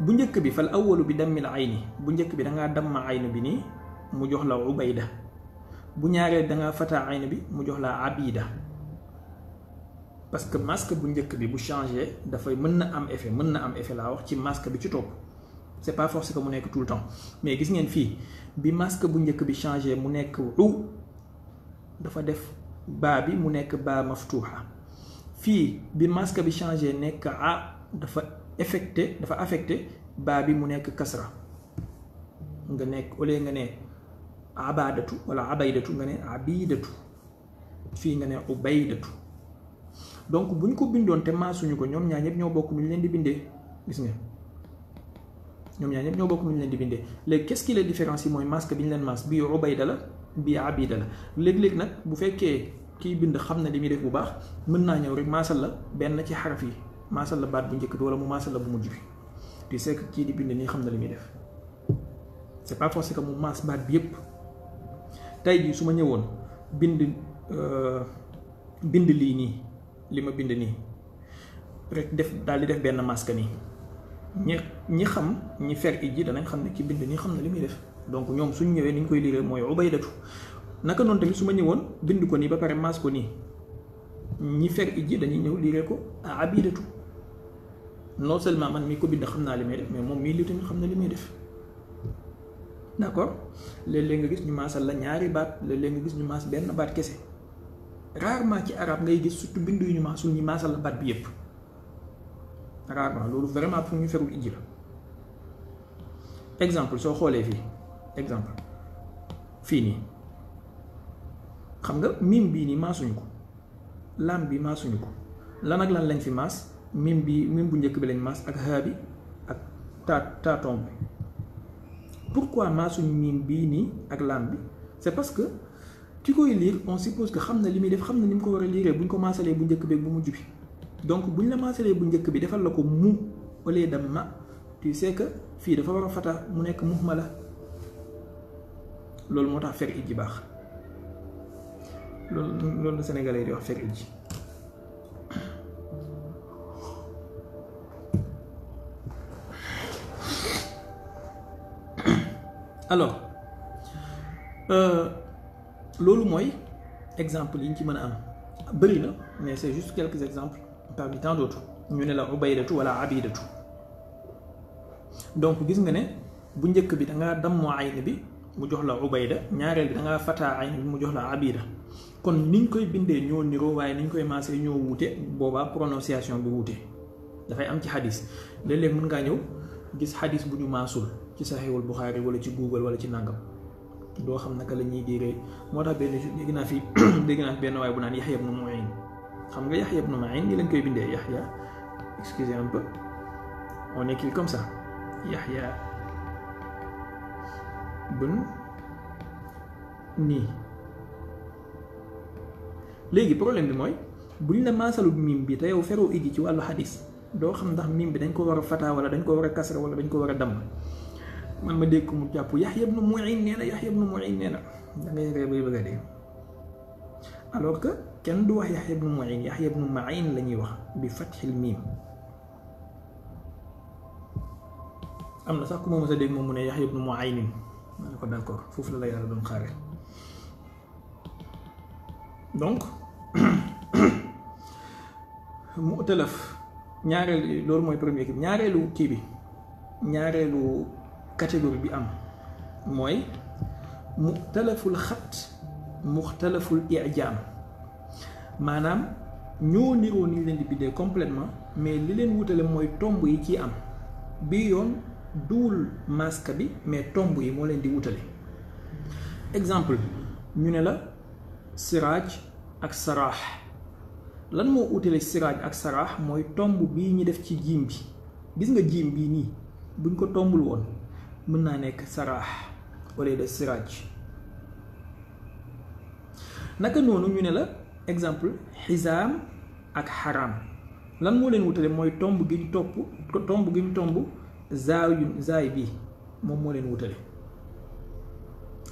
bu ñëkk bi fal awwalu bi damil ayni bu ñëkk bi da nga dam ayna bi ni mu jox la ubayda bu ñaareel da nga fata ayna bi mu jox la abida parce que masque bu ñëkk bi bu changer da fay mëna am effet mëna am effet la wax ci masque bi ci top c'est pas forcé que mu nekk tout le temps mais gis ngeen fi bi masque bu ñëkk bi changer mu nekk u dafa def baa bi mu nekk baa maftuha fi bi masque bi changé nek a dafa affecté dafa affecté ba bi mu nek kasra nga nek au nga ne abadatu wala abaydatu nga ne abidatu fii nga ne ubaydatu donc buñ ko bindon te maasuñu ko ñom ñaar ñep ñoo bokku nu ñu leen di bindé gis nga ñom ñaar ñep ñoo bokku ñu leen di bindé léegi qu'est-ce qui les différencie mooy masque bi ñu leen masque, bi ubayda la abidala. abida la léeg-léeg nag bu fekkee kiy bind xam na li muy def bu baax mën naa ñëw rek maasal la benn ci xaraf yi maasal la baat bu njëkk bi wala mu maasal la bu mujj bi tu sais kii di bind nii xam na li muy def c'est pas que mu maas bi yépp jii su ma ñëwoon bind euh, bind lii nii li ma bind nii rek def daal di def benn masque nii ñi ñi xam ñi ji danañ xam ne ki bind nii xam na li muy def donc ñoom suñ ñëwee ni ñu koy liiree mooy ubaydatu naka noonu tamit su ma ñëwoon bind ko nii ba pare maas ko nii ñi fekk ji dañuy ñëw liire ko à abidatu non seulement man mii ko bind xam naa li may def mais moom mii li tamit xam na li muy def d' accord léeg-léeg nga gis ñu maasal la ñaari baat léeg-léeg nga gis ñu maas benn baat kese rarement ci arab ngay gis surtout bind yu ñu maasul ñu maasal la baat bi yépp rarement loolu vraiment pour ñu ferul ijji la exemple soo xoolee fii exemple fii nii. xam nga mim bii nii maasuñu ko lam bi maasuñu ko lan ak lan lañ fi maas mim bi mim bu njëkk bi lañ maas ak haa bi ak taa taaton bi pourquoi maasuñu mim bii nii ak lam bi c'est parce que ki koy lire on suppose que xam na li muy def xam na ni mu ko war a lire bu ñu ko maasalee bu njëkk bi bu mujj bi donc bu ñu la maasalee bu njëkk bi defal la ko mu au lieu de ma tu sais que fii dafa war a fata mu nekk muhmala loolu moo tax fer it ji baax loolu loolu la sénégalais di wax fekk ji alors euh, loolu mooy exemple yi ñu ci mën a am bëri na mais c'est juste quelques exemples parmi tant d'autres ñu ne la ubaydatu wala abidatu donc gis nga ne bu njëkk bi da nga dammoo ayn bi mu jox la ubayda ñaareel bi da nga fata ayn bi mu jox la abida kon niñ koy bindee ñoo niroo waaye niñ koy maasee ñoo wuute boobaa prononciation bi wuute dafay am ci xadis léeg leen mën ngaa ñëw gis xadis bu ñu maasul ci saxiwul Buxaari wala ci Google wala ci nàngam doo xam naka la ñuy diiree moo tax benn dégg naa fi dégg naa fi benn waaye bu naan Yaxya ibnu Muin xam nga Yaxya ibnu Muin nii lañ koy bindee Yaxya excusez un peu on écrit comme ça Yaxya nii léegi problème bi mooy buñ la maasalu mim bi te yow feroo igi ci wàllu xadis doo xam ndax mim bi dañ ko war a fataa wala dañ ko war a kasra wala dañ ko war a damm man ma dégg mu jàpp Yaxya ibnu Muin nee na Yaxya ibnu Muin nee na da ngay ree bay bëgg a dee alors que kenn du wax Yaxya ibnu Muin Yaxya ibnu Main la ñuy wax bi fatxil miim am na sax ku ma mës a dégg moom mu ne Yaxya ibnu Muin ma ne ko d'accord foofu la la yàlla doon xaare donc mu tëlëf ñaareelu loolu mooy premier kii bi ñaareelu kii bi ñaareelu catégorie bi am mooy muxtalaful xat muxtalaful ijaam maanaam ñoo niroo ni ñu leen di bindee complètement mais li leen wutale mooy tomb yi ci am bi yoon duwul masque bi mais tomb yi moo leen di wutale exemple ñu ne la siraaj ak saraax lan moo utale siraaj ak saraax mooy tomb bii ñu def ci jiim bi gis nga jiim bii nii buñ ko tombul woon mën naa nekk saraax au lieu de siraaj naka noonu ñu ne la exemple xisaam ak xaraam lan moo leen wutale mooy tomb gi ñu topp tomb gi ñu tomb zaayun zaay bii moom moo leen wutale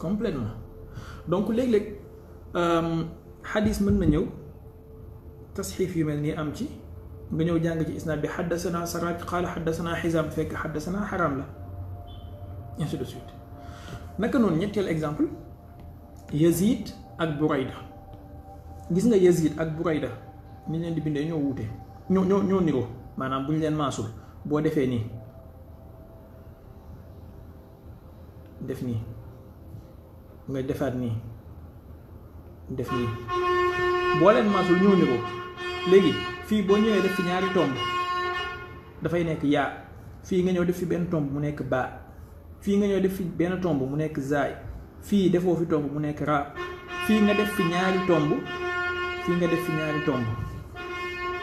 complètement donc léeg-léeg euh, xadis mën na ñëw tasxiif yu mel nii am ci nga ñëw jàng ci isnaad bi xaddasana saraj qaala xaddasana xisaam fekk xaddasana xaraam la ainsi de suite naka noonu ñetteel exemple yazid ak burayda gis nga yazid ak burayda ñu leen di bindee ñoo wuute ñoo ñoo ñoo niroo maanaam bu ñu leen maasul boo defee nii def nii nga defaat nii def nii boo leen maasul ñoo niroo léegi fii boo ñëwee def fi ñaari tomb dafay nekk yaa fii nga ñëw def fi benn tomb mu nekk baa fii nga ñëw def fi benn tomb mu nekk zaay fii defoo fi tomb mu nekk raa fii nga def fi ñaari tomb fii nga def fi ñaari tomb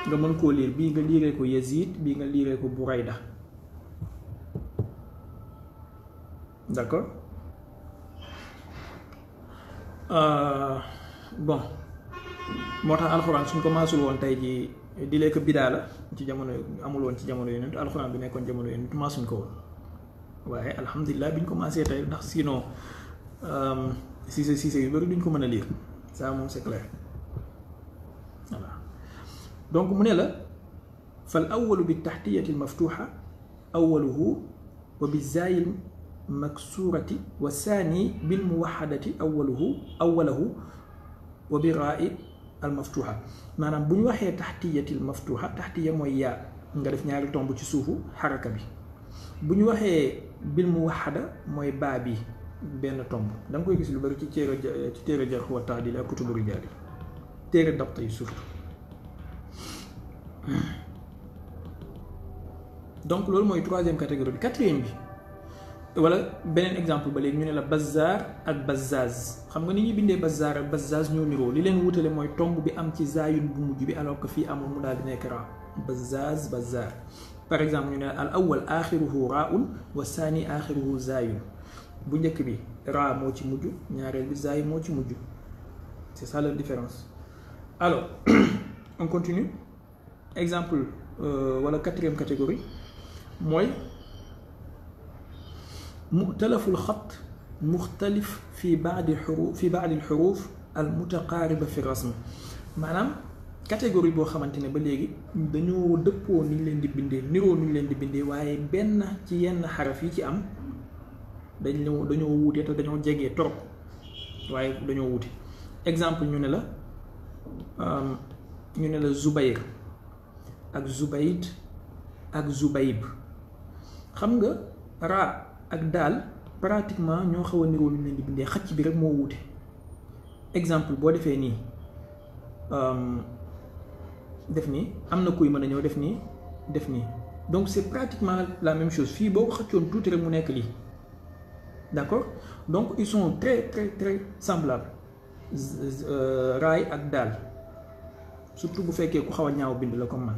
nga mën koo liir bii nga liiree ko Yazid bii nga liiree ko Burayda d'accord euh, bon motax alcorane suñ ko masul won tay ji di lek bidaa la ci jamono amul won ci jamono yonent alcorane bi nekkon jamono yonent masuñ ko woon waaye alhamdulilah biñ masé tay ndax sino sinon si siise yu bëri duñ ko mën lire ça mom c'est clair voilà donc mu ne la fal awalu bi al maftuha awwaluhu wa bi zaayi المكسورة والثاني بالموحدة أوله أوله وبراء al maftuha maanaam bu ñu waxee taxtiyatil maftuha taxtiya mooy yaa nga def ñaari tomb ci suufu xaraka bi bu ñu waxee bil mu waxada mooy baa bi benn tomb da koy gis lu bari ci téere ci téere jarh wa taadil ak kutubu rijaal yi téere dabta yi surtout donc loolu mooy troisième catégorie bi quatrième bi wala beneen exemple ba léegi ñu ne la bazar ak bazaz xam nga ni ñuy bindee bazar ak bazaz ñoo niroo li leen wutale mooy tomb bi am ci zaayun bu mujj bi alors que fii amul mu daal di nekk ra bazaz bazar par exemple ñu ne al awal axiruhu raun wa saani axiruhu zaayun bu njëkk bi ra moo ci mujj ñaareel bi zaayun moo ci mujj c'est ça la différence alors on continue exemple euh, wala quatrième catégorie mooy mu'talaful xat muxtalif fi baadi xuruuf fi baadi xuruuf al mutaqaariba fi rasm maanaam catégorie boo xamante ne ba léegi dañoo dëppoo ni ñu leen di bindee niroo ni ñu leen di bindee waaye benn ci yenn xaraf yi ci am dañoo dañoo wuute te dañoo jege trop waaye dañoo wuute exemple ñu ne la euh, ñu ne la Zubayr ak Zubayd ak Zubayb xam nga ra ak pratiquement ñoo bindee xacc bi rek exemple boo defee nii euh, def nii am kuy ñëw def def donc c'est pratiquement la même chose fii boo xëccoon d'accord donc ils sont très très très semblables euh, raay ak dal surtout bu fekkee ku xaw ñaaw bind la comme man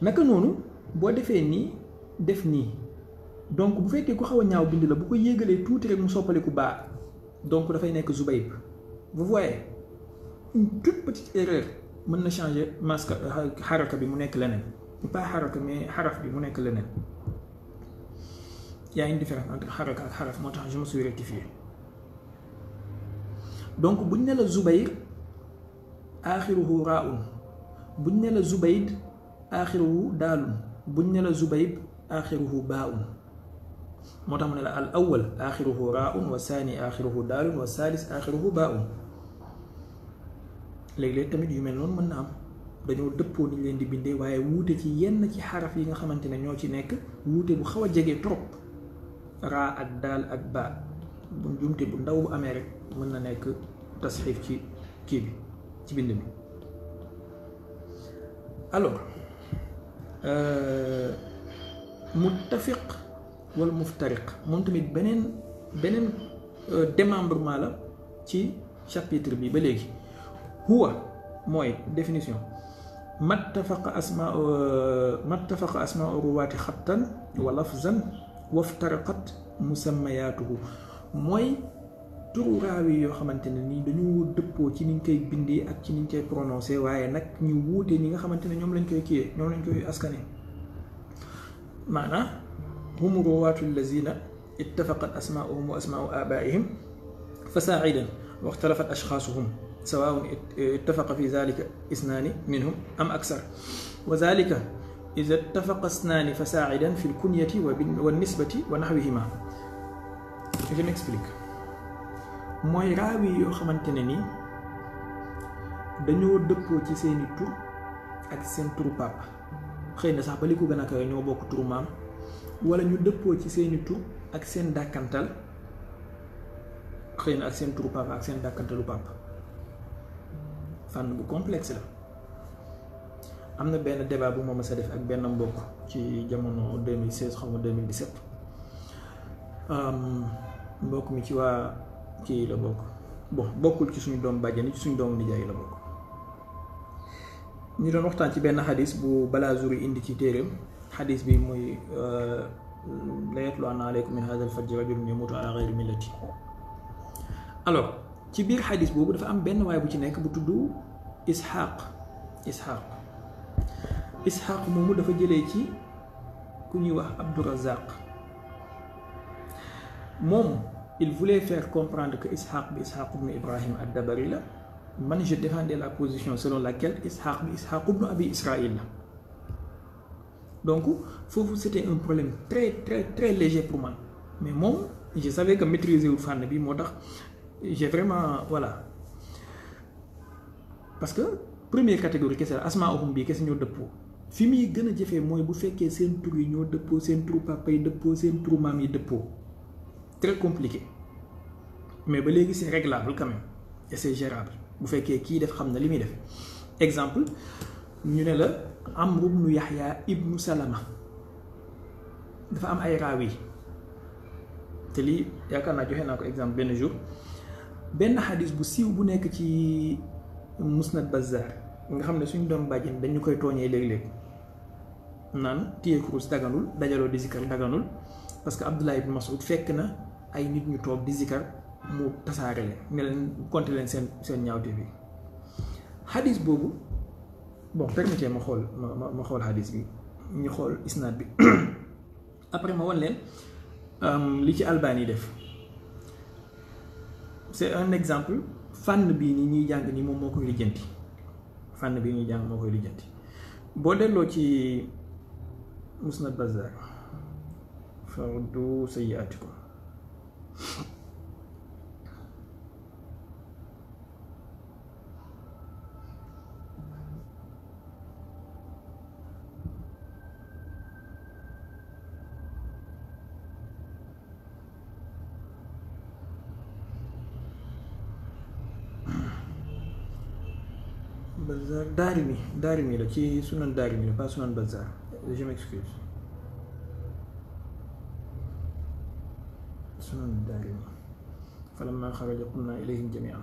naka noonu boo defee nii def donc bu fekkee ku xaw a ñaaw bind la bu ko yéegalee tuuti rek mu soppaliku baa donc dafay nekk Zubayb vous voyez une toute petite erreur mën na changer masque xaraka bi mu nekk leneen pas xaraka mais xaraf bi mu nekk leneen y a une différence entre xaraka ak xaraf moo tax je me suis rectifié donc buñ ne la Zubayr aaxiruhu raaun buñ ne la Zubayd aaxiruhu daalun buñ ne la Zubayb aaxiruhu baaun moo tax mu ne la al awal axiruhu raaun wa saani axiruhu daalun wa saalis axiruhu baaun léeg-léeg tamit yu mel noonu mën na am dañoo dëppoo niñ leen di bindee waaye wuute ci yenn ci xaraf yi nga xamante ne ñoo ci nekk wuute bu xaw a jege trop raa ak daal ak baa bu jumte bu ndaw bu amee rek mën na nekk tasxiif ci kii bi ci bind bi alors euh, muttafiq wala muftariq moom tamit beneen beneen euh, démembrement la ci chapitre bi ba léegi huwa mooy définition mattafaqa asma euh, mattafaqa asma ruwaati xattan wa lafzan waftariqat musammayaatuhu mooy turu raawi yoo xamante ne nii dañu dëppoo ci niñ koy bindee ak ci niñ koy prononcé waaye nag ñu wuute ñi nga xamante ne ñoom lañ koy kii ñoom lañ koy askane maanaam هم رواة الذين اتفقت أسماؤهم وأسماء آبائهم فساعدا واختلفت أشخاصهم سواء اتفق في ذلك اثنان منهم أم أكثر وذلك إذا اتفق اثنان فساعدا في الكنية والنسبة ونحوهما je m'explique موي راوي يو xamante دانيو دبو dañoo dëppoo ci seeni tur ak seen turu papa xëy na sax ba li ko wala ñu dëppoo ci seeni tur ak seen dàkkantal xëy na ak seen turu ak seen dàkkantalu papa fànn bu complex la am na benn débat bu moom sa def ak benn mbokk ci jamono 2016 xaw ma 2017 mbokk mi ci waa kii la bokk bo bokkul ci suñu doom bàjjani ci suñu doomu nijaay la bokk ñu doon waxtaan ci benn xadis bu Balaazuri indi ci téereem حديث بي موي آه، لا يطلع انا عليكم من هذا الفج رجل يموت على غير ملتي الوغ تي بير حديث بوبو دا فا ام بن واي بو تي نيك بو تودو اسحاق اسحاق اسحاق مومو دا فا جيلي تي كوني واخ عبد الرزاق موم il voulait faire comprendre que Ishaq bi Ishaq ibn Ibrahim ad-Dabari la man je défendais la position selon laquelle Ishaq bi Ishaq ibn Abi Israël la donc c'était un problème très très très léger pour moi. mais moi, je savais que maîtriser le fan, j'ai vraiment voilà parce que première catégorie c'est la asmaa uhum c'est une ñoo dëppoo fi muy gën a jëfee mooy bu fekkee seen tur yi ñoo dëppoo trou papa yi dëppoo de turu peau de très compliqué mais c'est réglable quand même et c'est gérable Vous faites qui def qui, fait la limite. exemple nous, sommes amru bnu yaxya ibnu salama dafa am ay raawi te lii yaakaar naa joxe naa ko exemple benn jour benn xadis bu siiw bu nekk ci musnad bazar nga xam ne suñ doom bàjjen dañu koy tooñee léeg-léeg naan téye kurus daganul dajaloo di zikar daganul parce que Abdullah ibn Mas'ud fekk na ay nit ñu toog di zikar mu tasaarale leen ne leen compté leen seen seen ñaawte bi xadis boobu bon permettez ma xool ma ma ma xool xadis bi ñu xool isnaad bi après ma wan leen euh, li ci Albani def c'est un exemple fànn bii nii ñuy jàng nii moom moo koy lijjanti fànn bii ñuy jàng moo koy lijjanti boo delloo ci musnad Bazzar fardu sayyi'atikum Darimi, Darimi, là, qui est Sunan Darimi, pas Sunan Bazar. Je m'excuse. Sunan Darimi. فلما خرج قلنا إليهم جميعا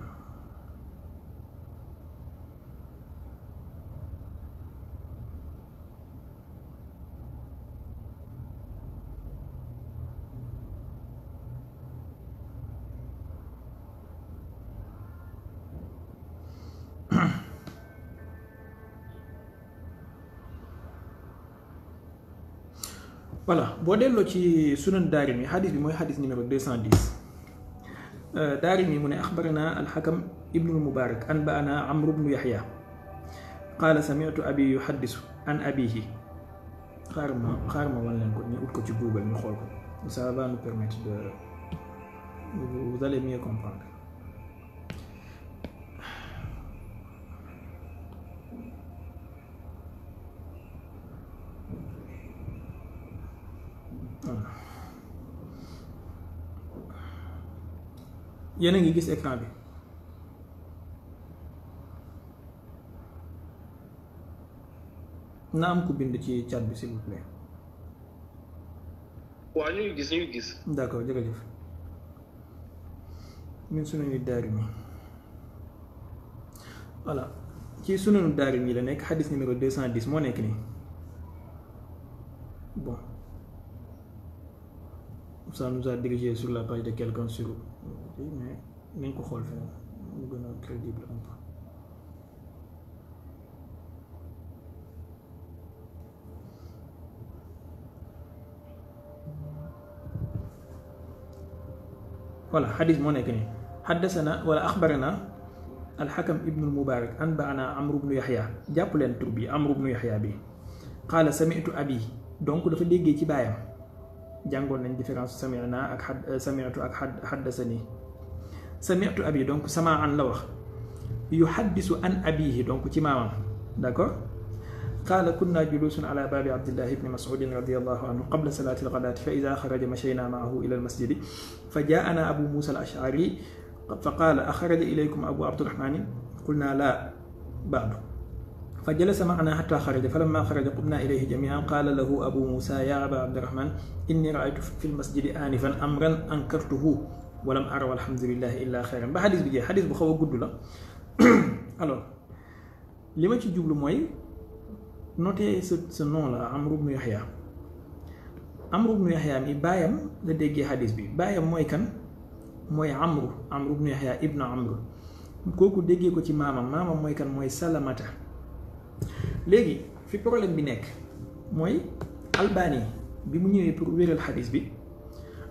voilà boo delloo ci sunan daarimi hadith bi mooy hadith numéro 210 darimi daarimi mu ne axbarana alxakam ibnu mubarak anbaana amr ibn yahya qaala samitu abi yuxaddisu an abihi xaaral ma xaaral ma wan leen ko ñu ut ko ci google ñu ça va nous permettre de vous allez mieux comprendre yéen a ngi gis écran bi na am ku bind ci chat bi s'il vous plaît. waaw ñu ngi gis ñu ngi gis. d' accord jërëjëf ñun suñu daarimi voilà ci suñu daarimi la nekk xadis numéro 210 moo nekk nii bon ça nous a dirigé sur la page de quelqu'un sur. Oui, mais même qu'on le fait, on est vraiment حدثنا ولا أخبرنا الحكم ابن المبارك أنبأنا عمرو بن يحيى جابوا لنا تربي عمرو بن يحيى به قال سمعت أبي دونك دفع ديجي تبايا jàngoon nañ différence سمعنا ak xad euh, sami'tu ak xad xaddasani sami'tu abi donc sama an la wax yu xaddisu an abihi donc قال كنا جلوس على باب عبد الله بن مسعود رضي الله عنه قبل صلاة الغداة فإذا خرج مشينا معه إلى المسجد فجاءنا أبو موسى الأشعري فقال أخرج إليكم أبو عبد الرحمن قلنا لا بعد فجلس معنا حتى خرج فلما خرج قمنا إليه جميعا قال له أبو موسى يا أبا عبد الرحمن إني رأيت في المسجد آنفا أمرا أنكرته ولم أرى والحمد لله إلا خيرا بحديث بجي حديث بخوة قدولا ألو لما تجيب لموي نوتي سنو لا عمرو بن يحيى عمرو بن يحيى مي بايم لديجي حديث بي بايم موي كان موي عمرو عمرو بن يحيى ابن عمرو كوكو ديجي كوتي ماما ماما موي كان موي سلامته léegi fi problème bi nekk mooy Albani bi mu ñëwee pour wéral xadis bi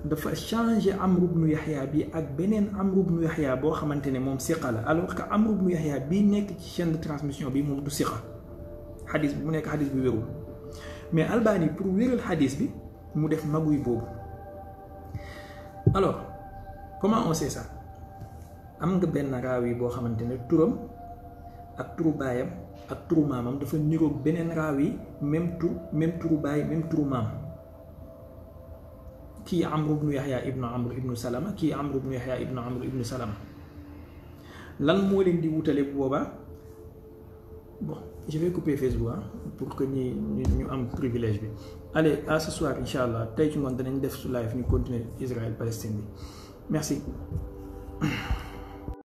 dafa changé Amru bnu Yaxya bi ak beneen Amru bnu Yaxya boo xamante ne moom siqa la alors que Amru bnu Yaxya bii nekk ci chaîne de transmission bi moom du siqa xadis bi mu nekk xadis bi wérul mais Albani pour wéral xadis bi mu def maguy boobu alors comment on sait am nga benn raaw yi boo xamante ne turam ak turu baayam ak turu maamam dafa niroog beneen raaw yi même tur même turu baay même turu maam kii amru ibnu yaxya ibnu amru ibnu salama kii amru ibnu yaxya ibnu amru ibnu salama lan moo leen di wutale bu boobaa bon je vais couper Facebook pour que ñi ñu am privilège bi allez à ce soir incha allah tey ci ngoon danañ def su live ñu continuer Israël Palestine bi merci